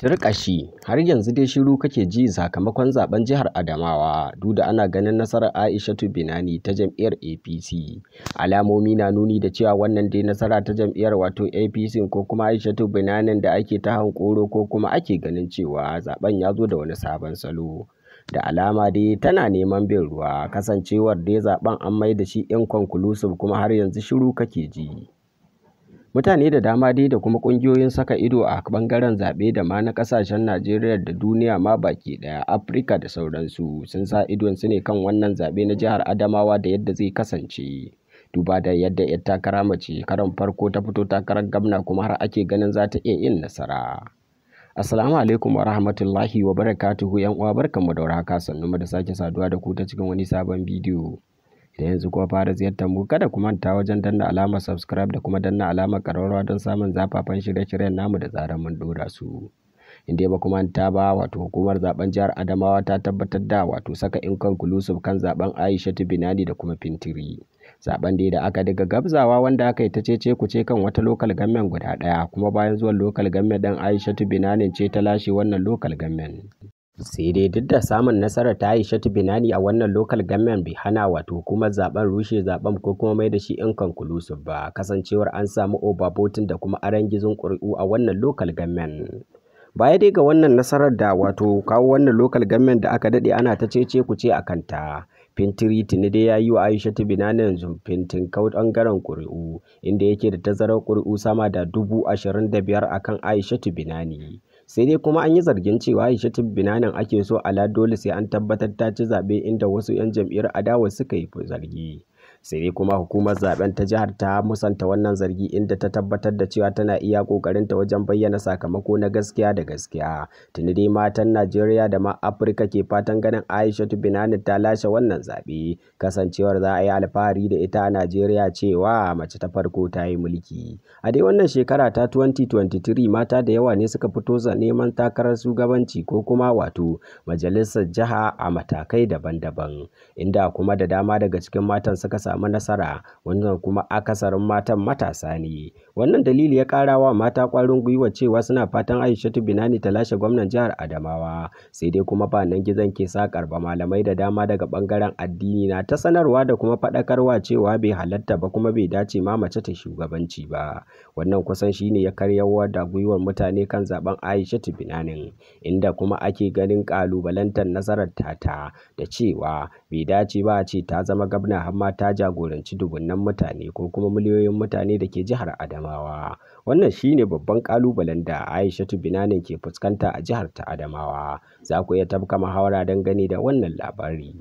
turkashi har yanzu dai shiru kake ji sakamakon zaben jihar adamawa duk da ana ganin nasarar aishatu binani ta jam'iyyar apc alamomi na nuni da cewa wannan dai nasara ta jam'iyyar wato apc ko kuma aishatu binanin da ake ta hankoro ko kuma ake ganin cewa zaben ya zo da wani sabon salo da alama dai tana neman bin ruwa kasancewar dai zaben an mai da shi 'yan inconclusive kuma har yanzu shiru kake ji mutane da dama dai da kuma kungiyoyin saka ido a bangaren zaɓe da ma na ƙasashen najeriya da duniya ma baki ɗaya afirka da sauransu sun sa idon su ne kan wannan zaɓe na jihar adamawa da yadda zai kasance duba da yadda 'yar takara mace karon farko ta fito takarar gamna kuma har ake ganin za ta iya yin nasara Assalamu alaikum wa rahmatullahi wa barakatuhu ‘yan uwa barkanmu da warhaka mu da sake saduwa da ku ta cikin wani sabon bidiyo. Da yanzu kuma fara ziyartar mu kada ku manta wajen danna alamar subscribe da kuma danna alamar ƙararrawa don samun zafafan shirye-shiryen namu da zarar mun dora su. inda ba kuma ta ba wato hukumar zaben jihar Adamawa ta tabbatar da wato saka in Kulusuf kan zaben Aisha Binani da kuma Fintiri. zaben da aka daga gabzawa wanda aka yi ta cece ce kan wata lokal gammen guda daya kuma bayan zuwan lokal gamen dan aishatu binanin ce ta lashe wannan lokal gammen sai dai duk da samun nasarar ta yi shatu binani a wannan lokal government bai hana wato kuma zaben rushe zaben ko kuma mai da shi in kan inconclusive ba kasancewar an samu obabotin da kuma gizon ƙuri'u a wannan lokal government baya dai ga wannan nasarar da wato kawo wannan local government da aka daɗe ana ta cece ku ce a kanta fintiri tuni dai ya yi wa aisha na yanzu fintin kau ɓangaren kuri'u, inda yake da tazarar kuri'u sama da dubu ashirin da biyar a kan aisha ne sai dai kuma an yi zargin cewa aisha nan ake so ala dole sai an tabbatar ta ci zaɓe inda wasu 'yan jam'iyyar adawa suka yi zargi sai dai kuma hukumar zaben ta jihar ta musanta wannan zargi inda ta tabbatar da cewa tana iya kokarinta wajen bayyana sakamako na gaskiya da gaskiya tuni dai matan najeriya da ma afirka ke fatan ganin aisha aishatu binani ta lashe wannan zaɓe kasancewar za a yi alfahari da ita a najeriya cewa mace ta farko ta yi mulki a dai wannan shekara ta 2023 mata da yawa ne suka fito za neman takarar shugabanci ko kuma wato majalisar jiha a matakai daban-daban inda kuma da dama daga cikin matan suka samu nasara wannan kuma akasarin matan matasa ne wannan dalili ya ƙara wa mata ƙwarin gwiwa cewa suna fatan aishatu binani ta lashe gwamnan jihar adamawa sai dai kuma ba nan gizon ke sakar ba malamai da dama daga bangaren addini na ta sanarwa da kuma faɗakarwa cewa bai halatta ba kuma bai dace ma mace ta shugabanci ba wannan kusan shine ya karyawa da gwiwar mutane kan zaben aishatu binanin inda kuma ake ganin ƙalubalantar nasarar tata da cewa bai dace ba a ce ta zama gwamna har ma ta jagoranci dubunnan mutane ko kuma miliyoyin mutane da ke jihar Adamawa. Wannan shi ne babban ƙalubalen da Aishatu Binanin ke fuskanta a jihar ta Adamawa. Za ku iya tafka muhawara don gani da wannan labari.